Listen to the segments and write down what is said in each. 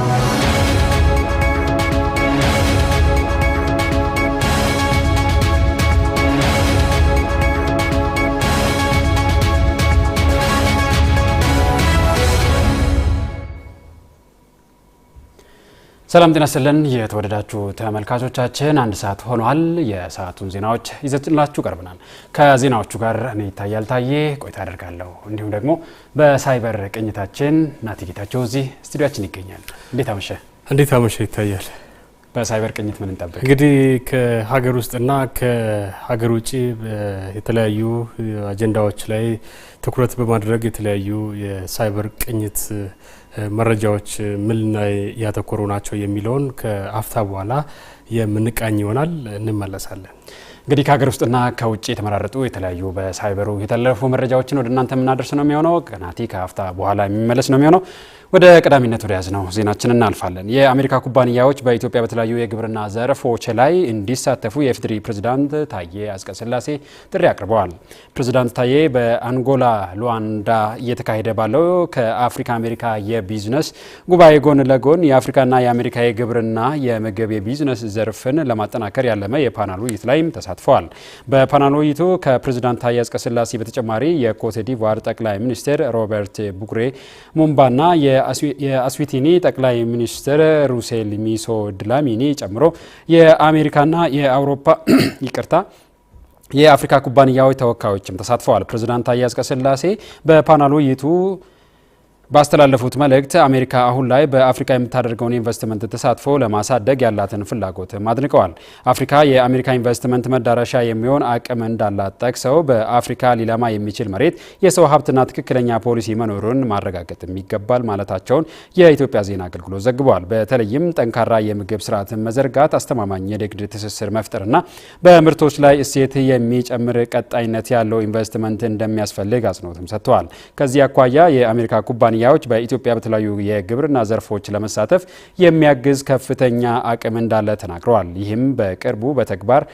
Thank you. ሰላም ጤና ስጥልን የተወደዳችሁ ተመልካቾቻችን፣ አንድ ሰዓት ሆኗል። የሰዓቱን ዜናዎች ይዘንላችሁ ቀርብናል። ከዜናዎቹ ጋር እኔ ይታያል ታዬ ቆይታ አደርጋለሁ። እንዲሁም ደግሞ በሳይበር ቅኝታችን ናቲ ጌታቸው እዚህ ስቱዲያችን ይገኛል። እንዴት አመሸ? እንዴት አመሸ ይታያል። በሳይበር ቅኝት ምን እንጠብቅ? እንግዲህ ከሀገር ውስጥና ከሀገር ውጭ የተለያዩ አጀንዳዎች ላይ ትኩረት በማድረግ የተለያዩ የሳይበር ቅኝት መረጃዎች ምን ላይ ያተኮሩ ናቸው የሚለውን ከአፍታ በኋላ የምንቃኝ ይሆናል። እንመለሳለን። እንግዲህ ከሀገር ውስጥና ከውጭ የተመራረጡ የተለያዩ በሳይበሩ የተላለፉ መረጃዎችን ወደ እናንተ የምናደርስ ነው የሚሆነው። ቀናቲ ከሀፍታ በኋላ የሚመለስ ነው የሚሆነው። ወደ ቀዳሚነት ወደ ያዝ ነው ዜናችን እናልፋለን። የአሜሪካ ኩባንያዎች በኢትዮጵያ በተለያዩ የግብርና ዘርፎች ላይ እንዲሳተፉ የኢፌዴሪ ፕሬዝዳንት ታዬ አጽቀሥላሴ ጥሪ አቅርበዋል። ፕሬዚዳንት ታዬ በአንጎላ ሉዋንዳ እየተካሄደ ባለው ከአፍሪካ አሜሪካ የቢዝነስ ጉባኤ ጎን ለጎን የአፍሪካና የአሜሪካ የግብርና የምግብ የቢዝነስ ዘርፍን ለማጠናከር ያለመ የፓናል ውይይት ላይም ተሳት ተሳትፈዋል። በፓናል ውይይቱ ከፕሬዚዳንት ታዬ አጽቀሥላሴ በተጨማሪ የኮትዲቯር ጠቅላይ ሚኒስትር ሮበርት ቡግሬ ሙምባና የአስዊቲኒ ጠቅላይ ሚኒስትር ሩሴል ሚሶ ድላሚኒ ጨምሮ የአሜሪካና የአውሮፓ ይቅርታ የአፍሪካ ኩባንያዎች ተወካዮችም ተሳትፈዋል። ፕሬዚዳንት ታዬ አጽቀሥላሴ በፓናል ውይይቱ ባስተላለፉት መልእክት አሜሪካ አሁን ላይ በአፍሪካ የምታደርገውን ኢንቨስትመንት ተሳትፎ ለማሳደግ ያላትን ፍላጎትም አድንቀዋል። አፍሪካ የአሜሪካ ኢንቨስትመንት መዳረሻ የሚሆን አቅም እንዳላት ጠቅሰው በአፍሪካ ሊለማ የሚችል መሬት፣ የሰው ሀብትና ትክክለኛ ፖሊሲ መኖሩን ማረጋገጥም ይገባል ማለታቸውን የኢትዮጵያ ዜና አገልግሎት ዘግቧል። በተለይም ጠንካራ የምግብ ስርዓትን መዘርጋት፣ አስተማማኝ የንግድ ትስስር መፍጠርና በምርቶች ላይ እሴት የሚጨምር ቀጣይነት ያለው ኢንቨስትመንት እንደሚያስፈልግ አጽንኦትም ሰጥተዋል። ከዚህ አኳያ የአሜሪካ ኩባንያ ኩባንያዎች በኢትዮጵያ በተለያዩ የግብርና ዘርፎች ለመሳተፍ የሚያግዝ ከፍተኛ አቅም እንዳለ ተናግረዋል። ይህም በቅርቡ በተግባር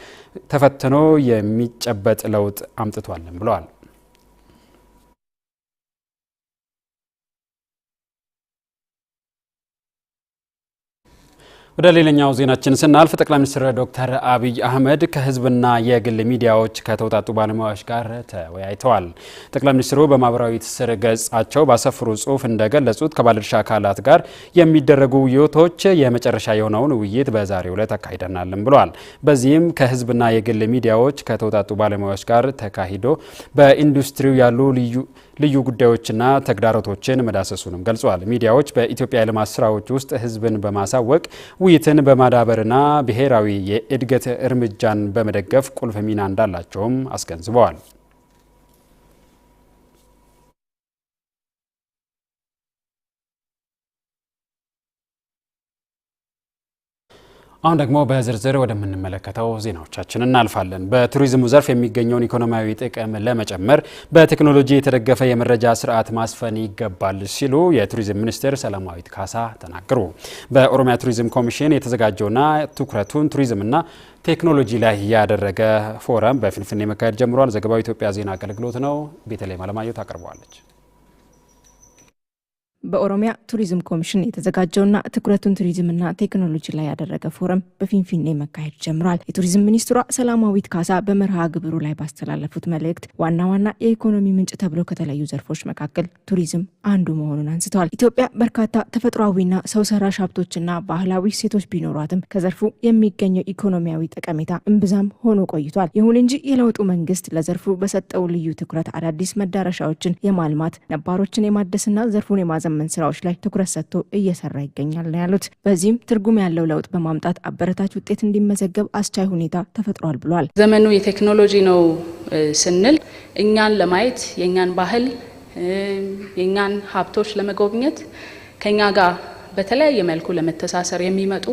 ተፈትኖ የሚጨበጥ ለውጥ አምጥቷልም ብለዋል። ወደ ሌላኛው ዜናችን ስናልፍ ጠቅላይ ሚኒስትር ዶክተር አብይ አህመድ ከህዝብና የግል ሚዲያዎች ከተውጣጡ ባለሙያዎች ጋር ተወያይተዋል። ጠቅላይ ሚኒስትሩ በማህበራዊ ትስስር ገጻቸው ባሰፍሩ ጽሁፍ እንደገለጹት ከባለድርሻ አካላት ጋር የሚደረጉ ውይይቶች የመጨረሻ የሆነውን ውይይት በዛሬው ዕለት አካሂደናልም ብለዋል። በዚህም ከህዝብና የግል ሚዲያዎች ከተውጣጡ ባለሙያዎች ጋር ተካሂዶ በኢንዱስትሪው ያሉ ልዩ ልዩ ጉዳዮችና ተግዳሮቶችን መዳሰሱንም ገልጸዋል። ሚዲያዎች በኢትዮጵያ የልማት ስራዎች ውስጥ ህዝብን በማሳወቅ ውይይትን በማዳበርና ብሔራዊ የእድገት እርምጃን በመደገፍ ቁልፍ ሚና እንዳላቸውም አስገንዝበዋል። አሁን ደግሞ በዝርዝር ወደምንመለከተው ዜናዎቻችን እናልፋለን። በቱሪዝሙ ዘርፍ የሚገኘውን ኢኮኖሚያዊ ጥቅም ለመጨመር በቴክኖሎጂ የተደገፈ የመረጃ ስርዓት ማስፈን ይገባል ሲሉ የቱሪዝም ሚኒስትር ሰላማዊት ካሳ ተናገሩ። በኦሮሚያ ቱሪዝም ኮሚሽን የተዘጋጀውና ትኩረቱን ቱሪዝምና ቴክኖሎጂ ላይ ያደረገ ፎረም በፍንፍኔ መካሄድ ጀምሯል። ዘገባው ኢትዮጵያ ዜና አገልግሎት ነው። ቤተልሔም አለማየሁ ታቀርበዋለች። በኦሮሚያ ቱሪዝም ኮሚሽን የተዘጋጀውና ትኩረቱን ቱሪዝምና ቴክኖሎጂ ላይ ያደረገ ፎረም በፊንፊኔ መካሄድ ጀምሯል። የቱሪዝም ሚኒስትሯ ሰላማዊት ካሳ በመርሃ ግብሩ ላይ ባስተላለፉት መልእክት ዋና ዋና የኢኮኖሚ ምንጭ ተብሎ ከተለያዩ ዘርፎች መካከል ቱሪዝም አንዱ መሆኑን አንስተዋል። ኢትዮጵያ በርካታ ተፈጥሯዊና ሰው ሰራሽ ሀብቶችና ባህላዊ ሴቶች ቢኖሯትም ከዘርፉ የሚገኘው ኢኮኖሚያዊ ጠቀሜታ እምብዛም ሆኖ ቆይቷል። ይሁን እንጂ የለውጡ መንግስት ለዘርፉ በሰጠው ልዩ ትኩረት አዳዲስ መዳረሻዎችን የማልማት ነባሮችን የማደስና ዘርፉን የማዘመ ማሳመን ስራዎች ላይ ትኩረት ሰጥቶ እየሰራ ይገኛል ነው ያሉት። በዚህም ትርጉም ያለው ለውጥ በማምጣት አበረታች ውጤት እንዲመዘገብ አስቻይ ሁኔታ ተፈጥሯል ብሏል። ዘመኑ የቴክኖሎጂ ነው ስንል እኛን ለማየት የእኛን ባህል የእኛን ሀብቶች ለመጎብኘት ከኛ ጋር በተለያየ መልኩ ለመተሳሰር የሚመጡ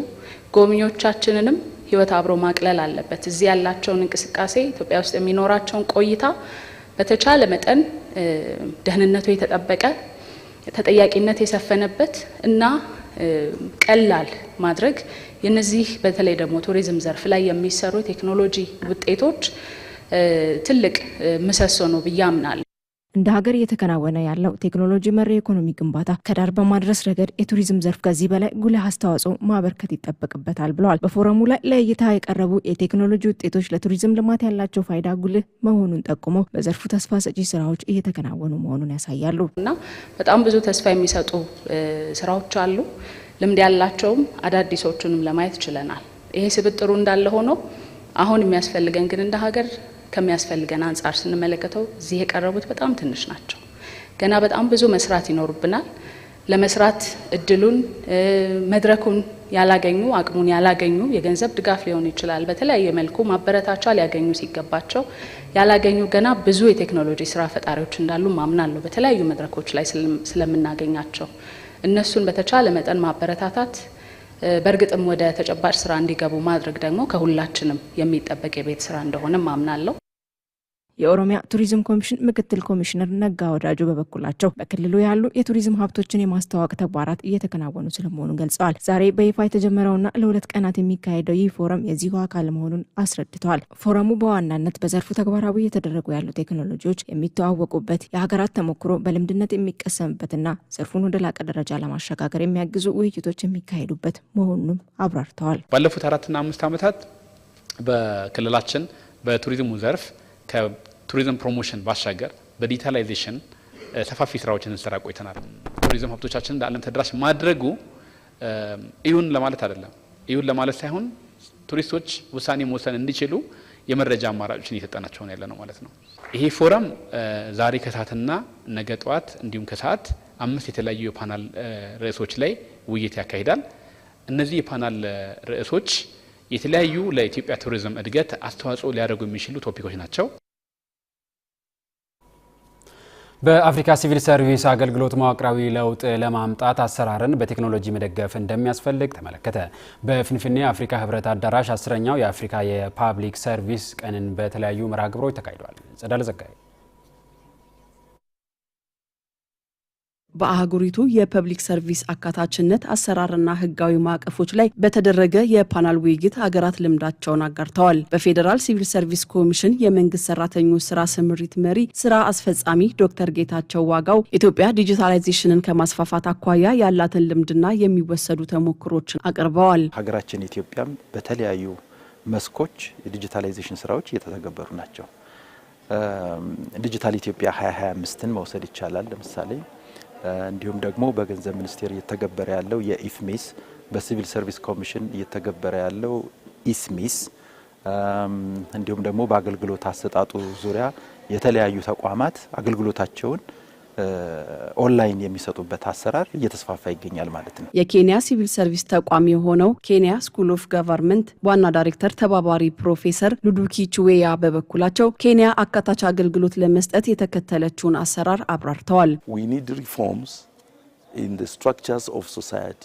ጎብኚዎቻችንንም ህይወት አብሮ ማቅለል አለበት። እዚህ ያላቸውን እንቅስቃሴ ኢትዮጵያ ውስጥ የሚኖራቸውን ቆይታ በተቻለ መጠን ደህንነቱ የተጠበቀ ተጠያቂነት የሰፈነበት እና ቀላል ማድረግ የነዚህ በተለይ ደግሞ ቱሪዝም ዘርፍ ላይ የሚሰሩ ቴክኖሎጂ ውጤቶች ትልቅ ምሰሶ ነው ብዬ አምናለሁ። እንደ ሀገር እየተከናወነ ያለው ቴክኖሎጂ መር የኢኮኖሚ ግንባታ ከዳር በማድረስ ረገድ የቱሪዝም ዘርፍ ከዚህ በላይ ጉልህ አስተዋጽኦ ማበርከት ይጠበቅበታል ብለዋል። በፎረሙ ላይ ለእይታ የቀረቡ የቴክኖሎጂ ውጤቶች ለቱሪዝም ልማት ያላቸው ፋይዳ ጉልህ መሆኑን ጠቁመው በዘርፉ ተስፋ ሰጪ ስራዎች እየተከናወኑ መሆኑን ያሳያሉ እና በጣም ብዙ ተስፋ የሚሰጡ ስራዎች አሉ። ልምድ ያላቸውም አዳዲሶቹንም ለማየት ችለናል። ይሄ ስብጥሩ እንዳለ ሆኖ አሁን የሚያስፈልገን ግን እንደ ሀገር ከሚያስፈልገን አንጻር ስንመለከተው እዚህ የቀረቡት በጣም ትንሽ ናቸው። ገና በጣም ብዙ መስራት ይኖሩብናል። ለመስራት እድሉን መድረኩን ያላገኙ አቅሙን ያላገኙ የገንዘብ ድጋፍ ሊሆን ይችላል። በተለያየ መልኩ ማበረታቻ ሊያገኙ ሲገባቸው ያላገኙ ገና ብዙ የቴክኖሎጂ ስራ ፈጣሪዎች እንዳሉ ማምናለሁ። በተለያዩ መድረኮች ላይ ስለምናገኛቸው እነሱን በተቻለ መጠን ማበረታታት፣ በእርግጥም ወደ ተጨባጭ ስራ እንዲገቡ ማድረግ ደግሞ ከሁላችንም የሚጠበቅ የቤት ስራ እንደሆነ ማምናለሁ። የኦሮሚያ ቱሪዝም ኮሚሽን ምክትል ኮሚሽነር ነጋ ወዳጆ በበኩላቸው በክልሉ ያሉ የቱሪዝም ሀብቶችን የማስተዋወቅ ተግባራት እየተከናወኑ ስለመሆኑን ገልጸዋል። ዛሬ በይፋ የተጀመረውና ለሁለት ቀናት የሚካሄደው ይህ ፎረም የዚሁ አካል መሆኑን አስረድተዋል። ፎረሙ በዋናነት በዘርፉ ተግባራዊ እየተደረጉ ያሉ ቴክኖሎጂዎች የሚተዋወቁበት፣ የሀገራት ተሞክሮ በልምድነት የሚቀሰምበትና ዘርፉን ወደ ላቀ ደረጃ ለማሸጋገር የሚያግዙ ውይይቶች የሚካሄዱበት መሆኑንም አብራርተዋል። ባለፉት አራትና አምስት ዓመታት በክልላችን በቱሪዝሙ ዘርፍ ከቱሪዝም ፕሮሞሽን ባሻገር በዲጂታላይዜሽን ሰፋፊ ስራዎችን እንሰራ ቆይተናል። ቱሪዝም ሀብቶቻችንን ለዓለም ተደራሽ ማድረጉ እዩን ለማለት አይደለም፣ እዩን ለማለት ሳይሆን ቱሪስቶች ውሳኔ መወሰን እንዲችሉ የመረጃ አማራጮችን እየሰጠናቸው ያለ ነው ማለት ነው። ይሄ ፎረም ዛሬ ከሰዓትና ነገ ጠዋት እንዲሁም ከሰዓት አምስት የተለያዩ የፓናል ርዕሶች ላይ ውይይት ያካሂዳል። እነዚህ የፓናል ርዕሶች የተለያዩ ለኢትዮጵያ ቱሪዝም እድገት አስተዋጽኦ ሊያደርጉ የሚችሉ ቶፒኮች ናቸው። በአፍሪካ ሲቪል ሰርቪስ አገልግሎት መዋቅራዊ ለውጥ ለማምጣት አሰራርን በቴክኖሎጂ መደገፍ እንደሚያስፈልግ ተመለከተ። በፍንፍኔ አፍሪካ ህብረት አዳራሽ አስረኛው የአፍሪካ የፓብሊክ ሰርቪስ ቀንን በተለያዩ መርሃ ግብሮች ተካሂዷል። ጸዳለ ዘጋቢ በአህጉሪቱ የፐብሊክ ሰርቪስ አካታችነት አሰራርና ህጋዊ ማዕቀፎች ላይ በተደረገ የፓናል ውይይት ሀገራት ልምዳቸውን አጋርተዋል። በፌዴራል ሲቪል ሰርቪስ ኮሚሽን የመንግስት ሰራተኞች ስራ ስምሪት መሪ ስራ አስፈጻሚ ዶክተር ጌታቸው ዋጋው ኢትዮጵያ ዲጂታላይዜሽንን ከማስፋፋት አኳያ ያላትን ልምድና የሚወሰዱ ተሞክሮችን አቅርበዋል። ሀገራችን ኢትዮጵያም በተለያዩ መስኮች የዲጂታላይዜሽን ስራዎች እየተተገበሩ ናቸው። ዲጂታል ኢትዮጵያ 2025ን መውሰድ ይቻላል። ለምሳሌ እንዲሁም ደግሞ በገንዘብ ሚኒስቴር እየተገበረ ያለው የኢፍሚስ፣ በሲቪል ሰርቪስ ኮሚሽን እየተገበረ ያለው ኢስሚስ እንዲሁም ደግሞ በአገልግሎት አሰጣጡ ዙሪያ የተለያዩ ተቋማት አገልግሎታቸውን ኦንላይን የሚሰጡበት አሰራር እየተስፋፋ ይገኛል ማለት ነው። የኬንያ ሲቪል ሰርቪስ ተቋም የሆነው ኬንያ ስኩል ኦፍ ጋቨርንመንት ዋና ዳይሬክተር ተባባሪ ፕሮፌሰር ሉዱኪ ቹዌያ በበኩላቸው ኬንያ አካታች አገልግሎት ለመስጠት የተከተለችውን አሰራር አብራርተዋል። ዊ ኒድ ሪፎርምስ ኢን ዘ ስትራክቸርስ ኦፍ ሶሳይቲ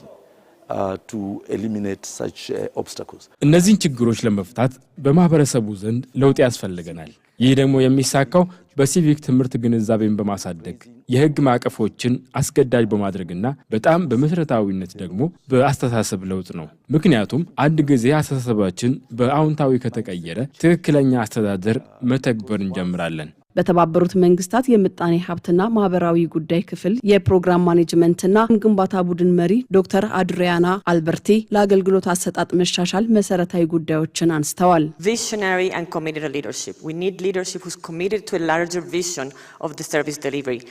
እነዚህን ችግሮች ለመፍታት በማህበረሰቡ ዘንድ ለውጥ ያስፈልገናል። ይህ ደግሞ የሚሳካው በሲቪክ ትምህርት ግንዛቤን በማሳደግ የህግ ማዕቀፎችን አስገዳጅ በማድረግና በጣም በመሰረታዊነት ደግሞ በአስተሳሰብ ለውጥ ነው። ምክንያቱም አንድ ጊዜ አስተሳሰባችን በአዎንታዊ ከተቀየረ ትክክለኛ አስተዳደር መተግበር እንጀምራለን። በተባበሩት መንግስታት የምጣኔ ሀብትና ማህበራዊ ጉዳይ ክፍል የፕሮግራም ማኔጅመንትና ግንባታ ቡድን መሪ ዶክተር አድሪያና አልበርቲ ለአገልግሎት አሰጣጥ መሻሻል መሰረታዊ ጉዳዮችን አንስተዋል።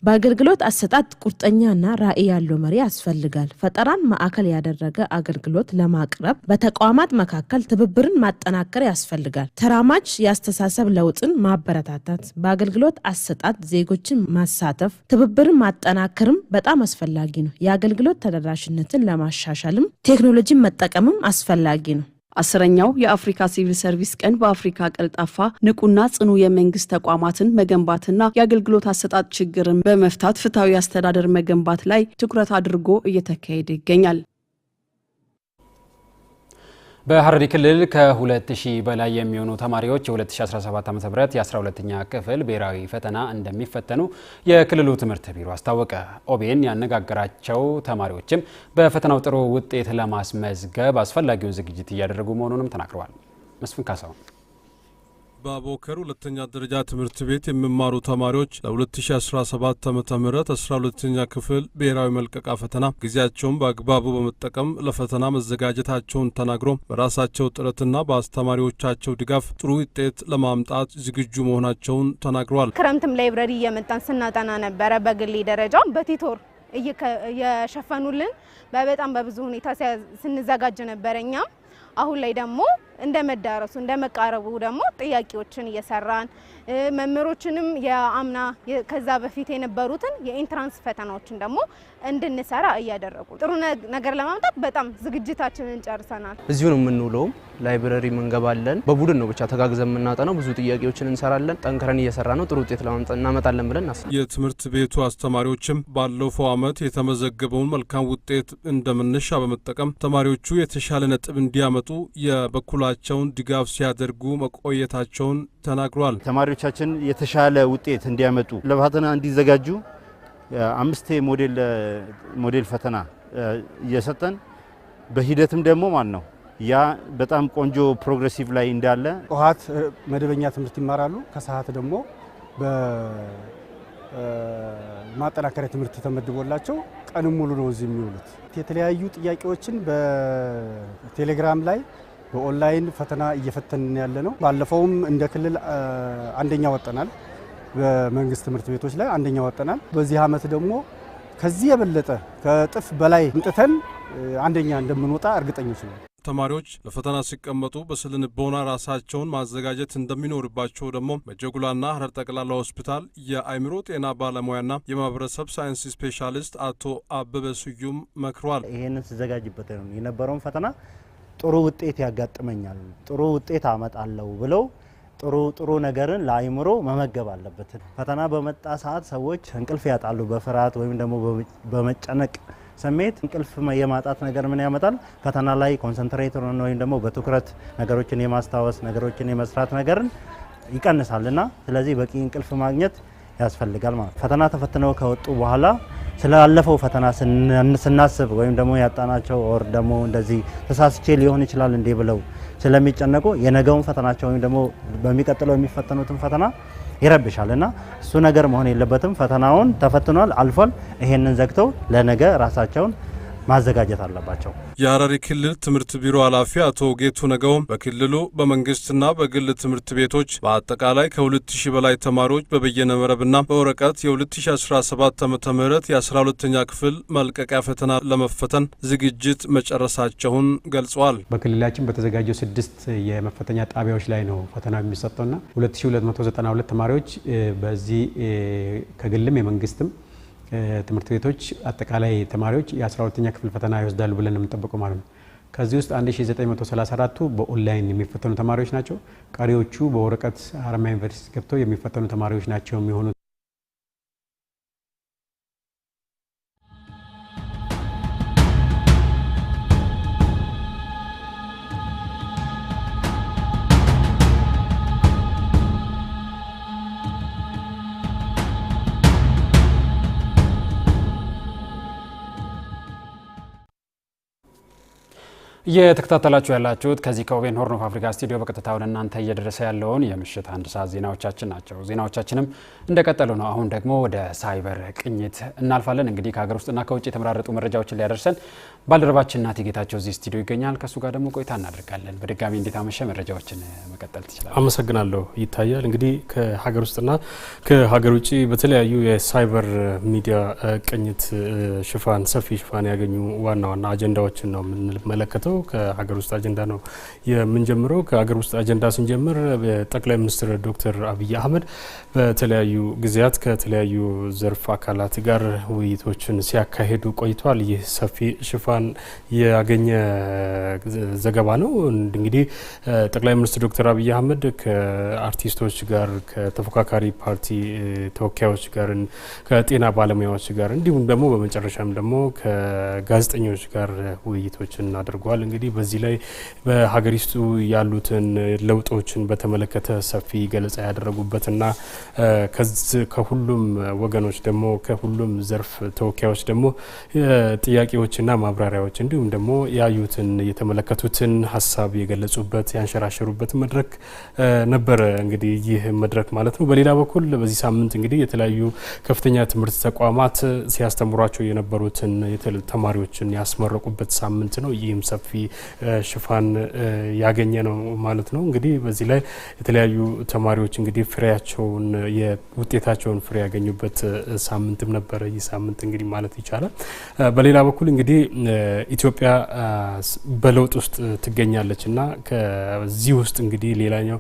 በአገልግሎት አሰጣጥ ቁርጠኛና ራዕይ ያለው መሪ ያስፈልጋል። ፈጠራን ማዕከል ያደረገ አገልግሎት ለማቅረብ በተቋማት መካከል ትብብርን ማጠናከር ያስፈልጋል። ተራማጅ የአስተሳሰብ ለውጥን ማበረታታት የአገልግሎት አሰጣጥ ዜጎችን ማሳተፍ፣ ትብብርን ማጠናከርም በጣም አስፈላጊ ነው። የአገልግሎት ተደራሽነትን ለማሻሻልም ቴክኖሎጂን መጠቀምም አስፈላጊ ነው። አስረኛው የአፍሪካ ሲቪል ሰርቪስ ቀን በአፍሪካ ቀልጣፋ ንቁና ጽኑ የመንግስት ተቋማትን መገንባትና የአገልግሎት አሰጣጥ ችግርን በመፍታት ፍትሐዊ አስተዳደር መገንባት ላይ ትኩረት አድርጎ እየተካሄደ ይገኛል። በሐረሪ ክልል ከ2000 በላይ የሚሆኑ ተማሪዎች የ2017 ዓ.ም የ12ኛ ክፍል ብሔራዊ ፈተና እንደሚፈተኑ የክልሉ ትምህርት ቢሮ አስታወቀ። ኦቤን ያነጋገራቸው ተማሪዎችም በፈተናው ጥሩ ውጤት ለማስመዝገብ አስፈላጊውን ዝግጅት እያደረጉ መሆኑንም ተናግረዋል። መስፍን ካሳሁን በአቦከር ሁለተኛ ደረጃ ትምህርት ቤት የሚማሩ ተማሪዎች ለ2017 ዓ ም 12ኛ ክፍል ብሔራዊ መልቀቃ ፈተና ጊዜያቸውን በአግባቡ በመጠቀም ለፈተና መዘጋጀታቸውን ተናግሮ በራሳቸው ጥረትና በአስተማሪዎቻቸው ድጋፍ ጥሩ ውጤት ለማምጣት ዝግጁ መሆናቸውን ተናግረዋል። ክረምትም ላይብረሪ እየመጣን ስናጠና ነበረ። በግሌ ደረጃው በቲቶር እየሸፈኑልን በበጣም በብዙ ሁኔታ ስንዘጋጅ ነበረ። እኛም አሁን ላይ ደግሞ እንደ መዳረሱ እንደ መቃረቡ ደግሞ ጥያቄዎችን እየሰራን መምህሮችንም የአምና ከዛ በፊት የነበሩትን የኢንትራንስ ፈተናዎችን ደግሞ እንድንሰራ እያደረጉ ጥሩ ነገር ለማምጣት በጣም ዝግጅታችንን ጨርሰናል። እዚሁ ነው የምንውለውም፣ ላይብረሪ እንገባለን። በቡድን ነው ብቻ ተጋግዘን የምናጠነው። ብዙ ጥያቄዎችን እንሰራለን። ጠንክረን እየሰራ ነው። ጥሩ ውጤት እናመጣለን ብለን ናስ የትምህርት ቤቱ አስተማሪዎችም ባለፈው ዓመት የተመዘገበውን መልካም ውጤት እንደመነሻ በመጠቀም ተማሪዎቹ የተሻለ ነጥብ እንዲያመጡ የበኩላ በበኩላቸውን ድጋፍ ሲያደርጉ መቆየታቸውን ተናግሯል። ተማሪዎቻችን የተሻለ ውጤት እንዲያመጡ ለፈተና እንዲዘጋጁ አምስቴ ሞዴል ፈተና እየሰጠን በሂደትም ደግሞ ማን ነው ያ በጣም ቆንጆ ፕሮግሬሲቭ ላይ እንዳለ ጠዋት መደበኛ ትምህርት ይማራሉ። ከሰዓት ደግሞ በማጠናከሪያ ትምህርት ተመድቦላቸው ቀንም ሙሉ ነው እዚህ የሚውሉት። የተለያዩ ጥያቄዎችን በቴሌግራም ላይ በኦንላይን ፈተና እየፈተንን ያለ ነው። ባለፈውም እንደ ክልል አንደኛ ወጠናል። በመንግስት ትምህርት ቤቶች ላይ አንደኛ ወጠናል። በዚህ ዓመት ደግሞ ከዚህ የበለጠ ከእጥፍ በላይ እምጥተን አንደኛ እንደምንወጣ እርግጠኞች ነው። ተማሪዎች ለፈተና ሲቀመጡ በስልንቦና ራሳቸውን ማዘጋጀት እንደሚኖርባቸው ደግሞ መጀጉላና ሀረር ጠቅላላ ሆስፒታል የአእምሮ ጤና ባለሙያና የማህበረሰብ ሳይንስ ስፔሻሊስት አቶ አበበ ስዩም መክሯል። ይህንን ስዘጋጅበት ነው የነበረውን ፈተና ጥሩ ውጤት ያጋጥመኛል፣ ጥሩ ውጤት አመጣለሁ ብለው ጥሩ ጥሩ ነገርን ለአይምሮ መመገብ አለበት። ፈተና በመጣ ሰዓት ሰዎች እንቅልፍ ያጣሉ። በፍርሃት ወይም ደግሞ በመጨነቅ ስሜት እንቅልፍ የማጣት ነገር ምን ያመጣል? ፈተና ላይ ኮንሰንትሬት ወይም ደግሞ በትኩረት ነገሮችን የማስታወስ ነገሮችን የመስራት ነገርን ይቀንሳል እና ስለዚህ በቂ እንቅልፍ ማግኘት ያስፈልጋል ማለት ፈተና ተፈትነው ከወጡ በኋላ ስላለፈው ፈተና ስናስብ ወይም ደግሞ ያጣናቸው ኦር ደግሞ እንደዚህ ተሳስቼ ሊሆን ይችላል እንዴ ብለው ስለሚጨነቁ የነገውን ፈተናቸው ወይም ደግሞ በሚቀጥለው የሚፈተኑትን ፈተና ይረብሻል እና እሱ ነገር መሆን የለበትም። ፈተናውን ተፈትኗል፣ አልፏል። ይሄንን ዘግተው ለነገ ራሳቸውን ማዘጋጀት አለባቸው። የሀረሪ ክልል ትምህርት ቢሮ ኃላፊ አቶ ጌቱ ነገውም በክልሉ በመንግስትና በግል ትምህርት ቤቶች በአጠቃላይ ከ2000 በላይ ተማሪዎች በበየነ መረብና በወረቀት የ2017 ዓ ም የ12ኛ ክፍል መልቀቂያ ፈተና ለመፈተን ዝግጅት መጨረሳቸውን ገልጸዋል። በክልላችን በተዘጋጀው ስድስት የመፈተኛ ጣቢያዎች ላይ ነው ፈተና የሚሰጠውና 2292 ተማሪዎች በዚህ ከግልም የመንግስትም ትምህርት ቤቶች አጠቃላይ ተማሪዎች የ12ኛ ክፍል ፈተና ይወስዳሉ ብለን የምንጠብቀው ማለት ነው። ከዚህ ውስጥ 1934ቱ በኦንላይን የሚፈተኑ ተማሪዎች ናቸው። ቀሪዎቹ በወረቀት ሀረማያ ዩኒቨርሲቲ ገብተው የሚፈተኑ ተማሪዎች ናቸው የሚሆኑ እየተከታተላችሁ ያላችሁት ከዚህ ከኦቤን ሆርን ኦፍ አፍሪካ ስቱዲዮ በቀጥታ ወደ እናንተ እየደረሰ ያለውን የምሽት አንድ ሰዓት ዜናዎቻችን ናቸው። ዜናዎቻችንም እንደቀጠሉ ነው። አሁን ደግሞ ወደ ሳይበር ቅኝት እናልፋለን። እንግዲህ ከሀገር ውስጥና ከውጭ የተመራረጡ መረጃዎችን ሊያደርሰን ባልደረባችን ናቲ ጌታቸው እዚህ ስቱዲዮ ይገኛል። ከእሱ ጋር ደግሞ ቆይታ እናደርጋለን። በድጋሚ እንዴት አመሸ? መረጃዎችን መቀጠል ትችላል። አመሰግናለሁ። ይታያል እንግዲህ ከሀገር ውስጥና ከሀገር ውጭ በተለያዩ የሳይበር ሚዲያ ቅኝት ሽፋን ሰፊ ሽፋን ያገኙ ዋና ዋና አጀንዳዎችን ነው የምንመለከተው። ነው። ከሀገር ውስጥ አጀንዳ ነው የምንጀምረው። ከሀገር ውስጥ አጀንዳ ስንጀምር ጠቅላይ ሚኒስትር ዶክተር አብይ አህመድ በተለያዩ ጊዜያት ከተለያዩ ዘርፍ አካላት ጋር ውይይቶችን ሲያካሄዱ ቆይቷል። ይህ ሰፊ ሽፋን ያገኘ ዘገባ ነው። እንግዲህ ጠቅላይ ሚኒስትር ዶክተር አብይ አህመድ ከአርቲስቶች ጋር፣ ከተፎካካሪ ፓርቲ ተወካዮች ጋር፣ ከጤና ባለሙያዎች ጋር እንዲሁም ደግሞ በመጨረሻም ደግሞ ከጋዜጠኞች ጋር ውይይቶችን አድርጓል። እንግዲህ በዚህ ላይ በሀገሪቱ ያሉትን ለውጦችን በተመለከተ ሰፊ ገለጻ ያደረጉበትና ከሁሉም ወገኖች ደግሞ ከሁሉም ዘርፍ ተወካዮች ደግሞ ጥያቄዎችና ማብራሪያዎች እንዲሁም ደግሞ ያዩትን የተመለከቱትን ሀሳብ የገለጹበት ያንሸራሸሩበት መድረክ ነበረ። እንግዲህ ይህ መድረክ ማለት ነው። በሌላ በኩል በዚህ ሳምንት እንግዲህ የተለያዩ ከፍተኛ ትምህርት ተቋማት ሲያስተምሯቸው የነበሩትን ተማሪዎችን ያስመረቁበት ሳምንት ነው። ይህም ሰፊ ሽፋን ያገኘ ነው ማለት ነው። እንግዲህ በዚህ ላይ የተለያዩ ተማሪዎች እንግዲህ ፍሬያቸውን የውጤታቸውን ፍሬ ያገኙበት ሳምንትም ነበረ ይህ ሳምንት እንግዲህ ማለት ይቻላል። በሌላ በኩል እንግዲህ ኢትዮጵያ በለውጥ ውስጥ ትገኛለች እና ከዚህ ውስጥ እንግዲህ ሌላኛው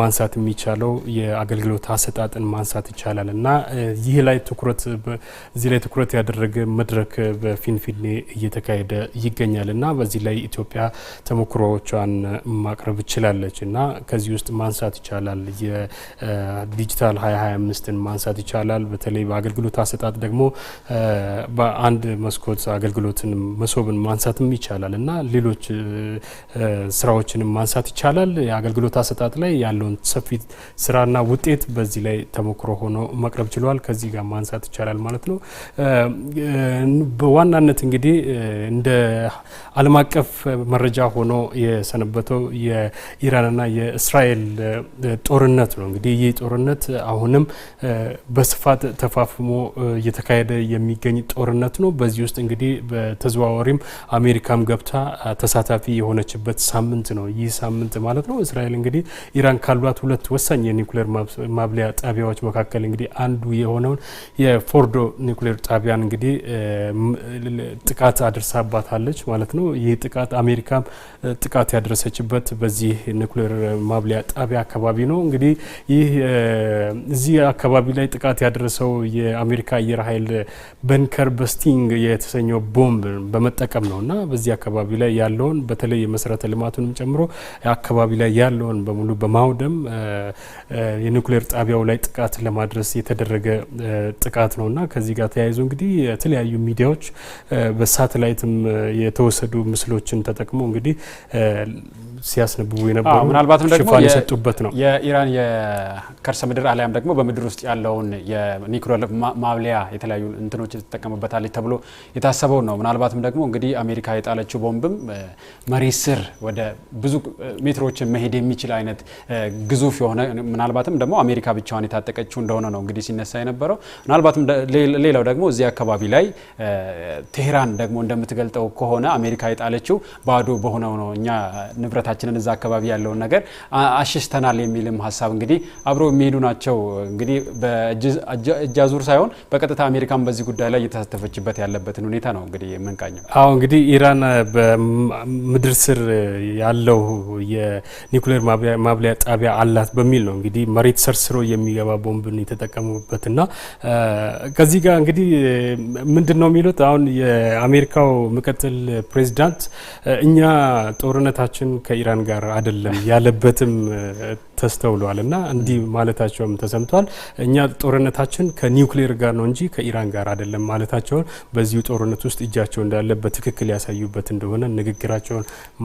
ማንሳት የሚቻለው የአገልግሎት አሰጣጥን ማንሳት ይቻላል እና ይህ ላይ ትኩረት እዚህ ላይ ትኩረት ያደረገ መድረክ በፊንፊኔ እየተካሄደ ይገኛል እና በዚህ ላይ ኢትዮጵያ ተሞክሮዎቿን ማቅረብ ችላለች እና ከዚህ ውስጥ ማንሳት ይቻላል የዲጂታል 2025ን ማንሳት ይቻላል። በተለይ በአገልግሎት አሰጣጥ ደግሞ በአንድ መስኮት አገልግሎትን መሶብን ማንሳትም ይቻላል እና ሌሎች ስራዎችንም ማንሳት ይቻላል። የአገልግሎት አሰጣጥ ላይ ያለውን ሰፊ ስራና ውጤት በዚህ ላይ ተሞክሮ ሆኖ መቅረብ ችሏል። ከዚህ ጋር ማንሳት ይቻላል ማለት ነው። በዋናነት እንግዲህ እንደ ዓለም አቀፍ መረጃ ሆኖ የሰነበተው የኢራንና የእስራኤል ጦርነት ነው። እንግዲህ ይህ ጦርነት አሁንም በስፋት ተፋፍሞ እየተካሄደ የሚገኝ ጦርነት ነው። በዚህ ውስጥ እንግዲህ በተዘዋዋሪም አሜሪካም ገብታ ተሳታፊ የሆነችበት ሳምንት ነው ይህ ሳምንት ማለት ነው። እስራኤል እንግዲህ ኢራን ካሏት ሁለት ወሳኝ የኒውክሌር ማብለያ ጣቢያዎች መካከል እንግዲህ አንዱ የሆነውን የፎርዶ ኒውክሌር ጣቢያን እንግዲህ ጥቃት አድርሳባታለች ማለት ነው። ይህ ጥቃት አሜሪካ ጥቃት ያደረሰችበት በዚህ ኒኩሌር ማብሊያ ጣቢያ አካባቢ ነው። እንግዲህ ይህ እዚህ አካባቢ ላይ ጥቃት ያደረሰው የአሜሪካ አየር ኃይል በንከር በስቲንግ የተሰኘው ቦምብ በመጠቀም ነው እና በዚህ አካባቢ ላይ ያለውን በተለይ የመሰረተ ልማቱንም ጨምሮ አካባቢ ላይ ያለውን በሙሉ በማውደም የኒኩሌር ጣቢያው ላይ ጥቃት ለማድረስ የተደረገ ጥቃት ነው እና ከዚህ ጋር ተያይዞ እንግዲህ የተለያዩ ሚዲያዎች በሳተላይትም የተወሰዱ ምስሎች ተጠቅሞ እንግዲህ ሲያስነብቡ የነበሩ ምናልባትም ደግሞ የሰጡበት ነው። የኢራን የከርሰ ምድር አሊያም ደግሞ በምድር ውስጥ ያለውን የኒኩለር ማብለያ የተለያዩ እንትኖች ትጠቀምበታለች ተብሎ የታሰበው ነው። ምናልባትም ደግሞ እንግዲህ አሜሪካ የጣለችው ቦምብም መሬት ስር ወደ ብዙ ሜትሮችን መሄድ የሚችል አይነት ግዙፍ የሆነ ምናልባትም ደግሞ አሜሪካ ብቻዋን የታጠቀችው እንደሆነ ነው እንግዲህ ሲነሳ የነበረው። ምናልባትም ሌላው ደግሞ እዚህ አካባቢ ላይ ቴሄራን ደግሞ እንደምትገልጠው ከሆነ አሜሪካ የጣለችው ባዶ በሆነው ነው እኛ ንብረታችን ራሳችንን እዛ አካባቢ ያለውን ነገር አሽሽተናል የሚልም ሀሳብ እንግዲህ አብረው የሚሄዱ ናቸው። እንግዲህ በእጃዙር ሳይሆን በቀጥታ አሜሪካን በዚህ ጉዳይ ላይ እየተሳተፈችበት ያለበትን ሁኔታ ነው እንግዲህ የምንቃኘው። አዎ እንግዲህ ኢራን በምድር ስር ያለው የኒኩሌር ማብለያ ጣቢያ አላት በሚል ነው እንግዲህ መሬት ሰርስሮ የሚገባ ቦምብን የተጠቀሙበትና ከዚህ ጋር እንግዲህ ምንድን ነው የሚሉት አሁን የአሜሪካው ምክትል ፕሬዚዳንት እኛ ጦርነታችን ከ ከኢራን ጋር አይደለም ያለበትም ተስተውሏል እና እንዲህ ማለታቸውም ተሰምቷል። እኛ ጦርነታችን ከኒውክሌር ጋር ነው እንጂ ከኢራን ጋር አይደለም ማለታቸውን በዚሁ ጦርነት ውስጥ እጃቸው እንዳለ በትክክል ያሳዩበት እንደሆነ ንግግራቸውን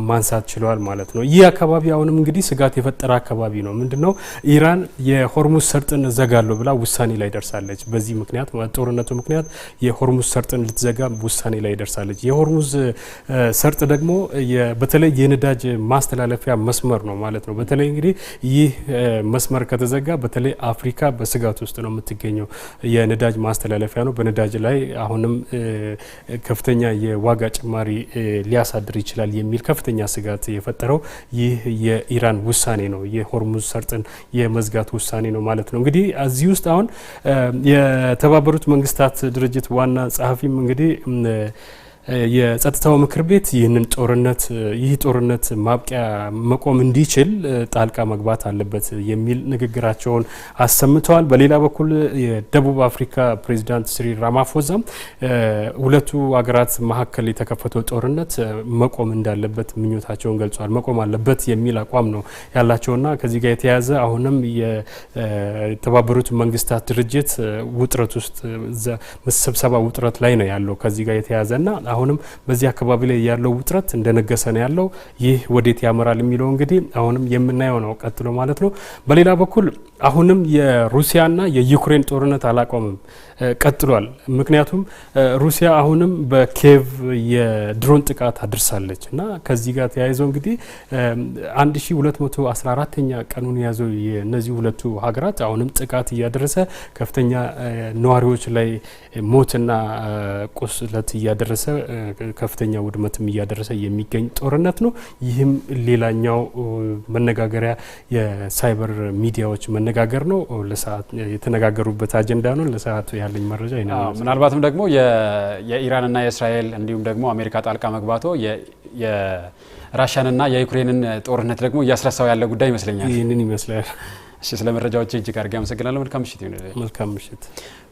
ማንሳት ችለዋል ማለት ነው። ይህ አካባቢ አሁንም እንግዲህ ስጋት የፈጠረ አካባቢ ነው። ምንድን ነው ኢራን የሆርሙዝ ሰርጥን ዘጋለሁ ብላ ውሳኔ ላይ ደርሳለች። በዚህ ምክንያት ጦርነቱ ምክንያት የሆርሙዝ ሰርጥን ልትዘጋ ውሳኔ ላይ ደርሳለች። የሆርሙዝ ሰርጥ ደግሞ በተለይ የነዳጅ ማስተላለፊያ መስመር ነው ማለት ነው። በተለይ እንግዲህ ይህ መስመር ከተዘጋ በተለይ አፍሪካ በስጋት ውስጥ ነው የምትገኘው። የነዳጅ ማስተላለፊያ ነው። በነዳጅ ላይ አሁንም ከፍተኛ የዋጋ ጭማሪ ሊያሳድር ይችላል የሚል ከፍተኛ ስጋት የፈጠረው ይህ የኢራን ውሳኔ ነው። የሆርሙዝ ሰርጥን የመዝጋት ውሳኔ ነው ማለት ነው። እንግዲህ እዚህ ውስጥ አሁን የተባበሩት መንግስታት ድርጅት ዋና ጸሐፊም እንግዲህ የጸጥታው ምክር ቤት ይህንን ጦርነት ይህ ጦርነት ማብቂያ መቆም እንዲችል ጣልቃ መግባት አለበት የሚል ንግግራቸውን አሰምተዋል። በሌላ በኩል የደቡብ አፍሪካ ፕሬዚዳንት ሲሪል ራማፎዛ ሁለቱ ሀገራት መካከል የተከፈተው ጦርነት መቆም እንዳለበት ምኞታቸውን ገልጿል። መቆም አለበት የሚል አቋም ነው ያላቸውና ከዚህ ጋር የተያያዘ አሁንም የተባበሩት መንግስታት ድርጅት ውጥረት ውስጥ ስብሰባ ውጥረት ላይ ነው ያለው ከዚህ ጋር ና አሁንም በዚህ አካባቢ ላይ ያለው ውጥረት እንደነገሰ ነው ያለው። ይህ ወዴት ያመራል የሚለው እንግዲህ አሁንም የምናየው ነው ቀጥሎ ማለት ነው። በሌላ በኩል አሁንም የሩሲያና የዩክሬን ጦርነት አላቆምም፣ ቀጥሏል። ምክንያቱም ሩሲያ አሁንም በኪየቭ የድሮን ጥቃት አድርሳለች እና ከዚህ ጋር ተያይዘው እንግዲህ 1214ኛ ቀኑን የያዘው የእነዚህ ሁለቱ ሀገራት አሁንም ጥቃት እያደረሰ ከፍተኛ ነዋሪዎች ላይ ሞትና ቁስለት እያደረሰ ከፍተኛ ውድመትም እያደረሰ የሚገኝ ጦርነት ነው። ይህም ሌላኛው መነጋገሪያ የሳይበር ሚዲያዎች መነ መነጋገር ነው። ለሰዓት የተነጋገሩበት አጀንዳ ነው። ለሰዓቱ ያለኝ መረጃ ይነ ምናልባትም ደግሞ የኢራንና የእስራኤል እንዲሁም ደግሞ አሜሪካ ጣልቃ መግባቶ የራሽያንና የዩክሬንን ጦርነት ደግሞ እያስረሳው ያለ ጉዳይ ይመስለኛል። ይህንን ይመስላል። እሺ፣ ስለ መረጃዎች እጅግ አድርጌ አመሰግናለሁ። መልካም ምሽት ይሁን። መልካም ምሽት።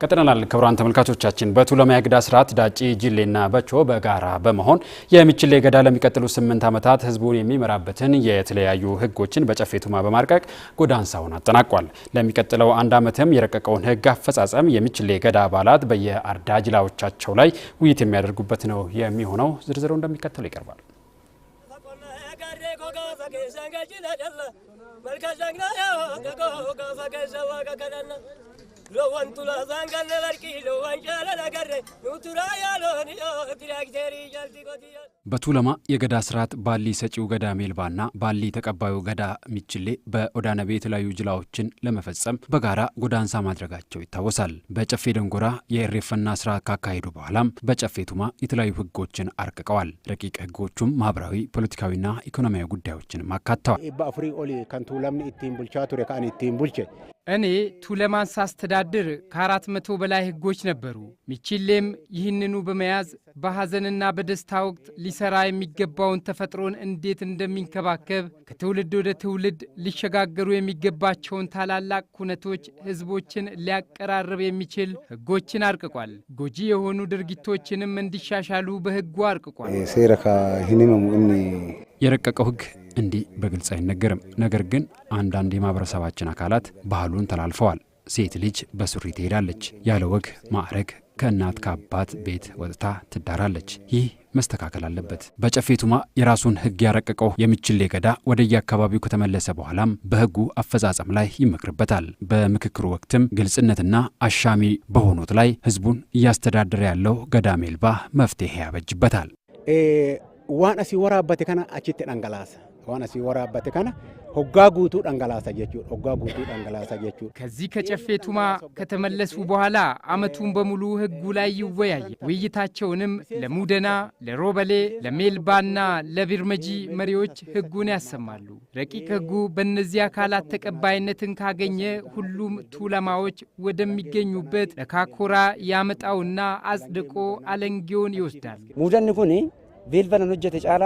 ቀጥለናል። ክቡራን ተመልካቾቻችን በቱለማ ያግዳ ስርዓት ዳጪ ጅሌና በቾ በጋራ በመሆን የሚችሌ ገዳ ለሚቀጥሉ ስምንት ዓመታት ህዝቡን የሚመራበትን የተለያዩ ህጎችን በጨፌቱማ በማርቀቅ ጎዳንሳውን አጠናቋል። ለሚቀጥለው አንድ ዓመትም የረቀቀውን ህግ አፈጻጸም የሚችሌ ገዳ አባላት በየአርዳ ጅላዎቻቸው ላይ ውይይት የሚያደርጉበት ነው የሚሆነው። ዝርዝሩ እንደሚከተለው ይቀርባል። መልከ ዘግና ያወቀቀው ከፈገዘ ወቀቀለና nutura jalti በቱለማ የገዳ ስርዓት ባሊ ሰጪው ገዳ ሜልባና ባሊ ተቀባዩ ገዳ ሚችሌ በኦዳነቤ የተለያዩ ጅላዎችን ለመፈጸም በጋራ ጎዳንሳ ማድረጋቸው ይታወሳል። በጨፌ ደንጎራ የእሬፈና ስርዓት ካካሄዱ በኋላም በጨፌ ቱማ የተለያዩ ህጎችን አርቅቀዋል። ረቂቅ ህጎቹም ማህበራዊ፣ ፖለቲካዊና ኢኮኖሚያዊ ጉዳዮችን አካተዋል። እኔ ቱለማን ሳስተዳድር ከአራት መቶ በላይ ህጎች ነበሩ። ሚችሌም ይህንኑ በመያዝ በሐዘንና በደስታ ወቅት ሊሠራ የሚገባውን ተፈጥሮን እንዴት እንደሚንከባከብ ከትውልድ ወደ ትውልድ ሊሸጋገሩ የሚገባቸውን ታላላቅ ኩነቶች ሕዝቦችን ሊያቀራርብ የሚችል ህጎችን አርቅቋል። ጎጂ የሆኑ ድርጊቶችንም እንዲሻሻሉ በሕጉ አርቅቋል። የረቀቀው ህግ እንዲህ በግልጽ አይነገርም። ነገር ግን አንዳንድ የማህበረሰባችን አካላት ባህሉን ተላልፈዋል። ሴት ልጅ በሱሪ ትሄዳለች። ያለ ወግ ማዕረግ ከእናት ከአባት ቤት ወጥታ ትዳራለች። ይህ መስተካከል አለበት። በጨፌቱማ የራሱን ሕግ ያረቀቀው የምችሌ ገዳ ወደየአካባቢው ከተመለሰ በኋላም በሕጉ አፈጻጸም ላይ ይመክርበታል። በምክክሩ ወቅትም ግልጽነትና አሻሚ በሆኑት ላይ ሕዝቡን እያስተዳደረ ያለው ገዳ ሜልባ መፍትሄ ያበጅበታል። ዋን አሲ ወራበቴ ከና አቺቴ waan asii waraabbate kana hoggaa guutuu dhangalaasa jechuudha hoggaa guutuu dhangalaasa jechuudha። ከዚህ ከጨፌ ቱማ ከተመለሱ በኋላ አመቱን በሙሉ ህጉ ላይ ይወያያል። ውይይታቸውንም ለሙደና፣ ለሮበሌ፣ ለሜልባና ለቢርመጂ መሪዎች ህጉን ያሰማሉ። ረቂቅ ህጉ በነዚህ አካላት ተቀባይነትን ካገኘ ሁሉም ቱለማዎች ወደሚገኙበት ለካኮራ ያመጣውና አጽድቆ አለንጌውን ይወስዳል። ሙደን ኩኒ ቢልበነን ሆጀተ ጫላ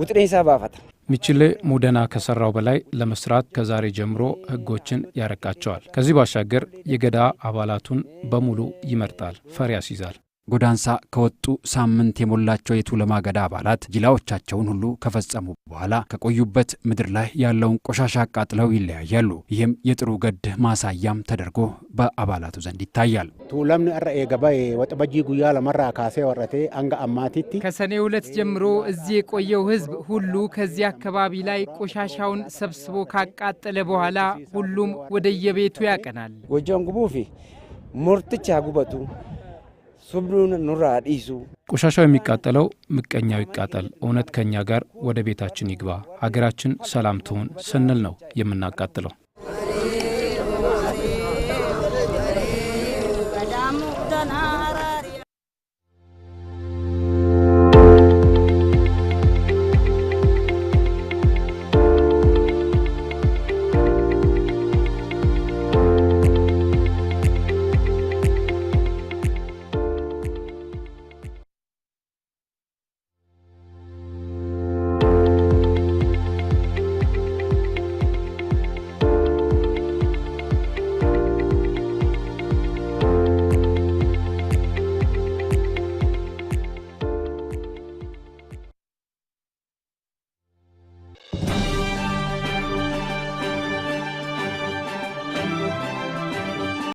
ውጥኔ ሂሳብ አፈታ ሚችሌ ሙደና ከሰራው በላይ ለመስራት ከዛሬ ጀምሮ ህጎችን ያረቃቸዋል። ከዚህ ባሻገር የገዳ አባላቱን በሙሉ ይመርጣል፣ ፈሪያስ ያስይዛል። ጎዳንሳ ከወጡ ሳምንት የሞላቸው የቱለማ ገዳ አባላት ጅላዎቻቸውን ሁሉ ከፈጸሙ በኋላ ከቆዩበት ምድር ላይ ያለውን ቆሻሻ አቃጥለው ይለያያሉ። ይህም የጥሩ ገድ ማሳያም ተደርጎ በአባላቱ ዘንድ ይታያል። ቱለምን ረ ገባ ወጥበጂ ጉያ ለመራ ካሴ ወረቴ አንገ አማቲቲ ከሰኔ ሁለት ጀምሮ እዚህ የቆየው ህዝብ ሁሉ ከዚህ አካባቢ ላይ ቆሻሻውን ሰብስቦ ካቃጠለ በኋላ ሁሉም ወደየቤቱ ያቀናል። ጎጆን ሙርትቻ ጉበቱ ቆሻሻው የሚቃጠለው ምቀኛው ይቃጠል፣ እውነት ከእኛ ጋር ወደ ቤታችን ይግባ፣ ሀገራችን ሰላም ትሁን ስንል ነው የምናቃጥለው።